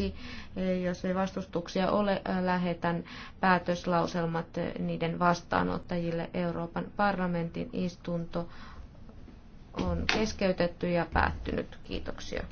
Siksi, e, jos ei vastustuksia ole, lähetän päätöslauselmat e, niiden vastaanottajille. Euroopan parlamentin istunto on keskeytetty ja päättynyt. Kiitoksia.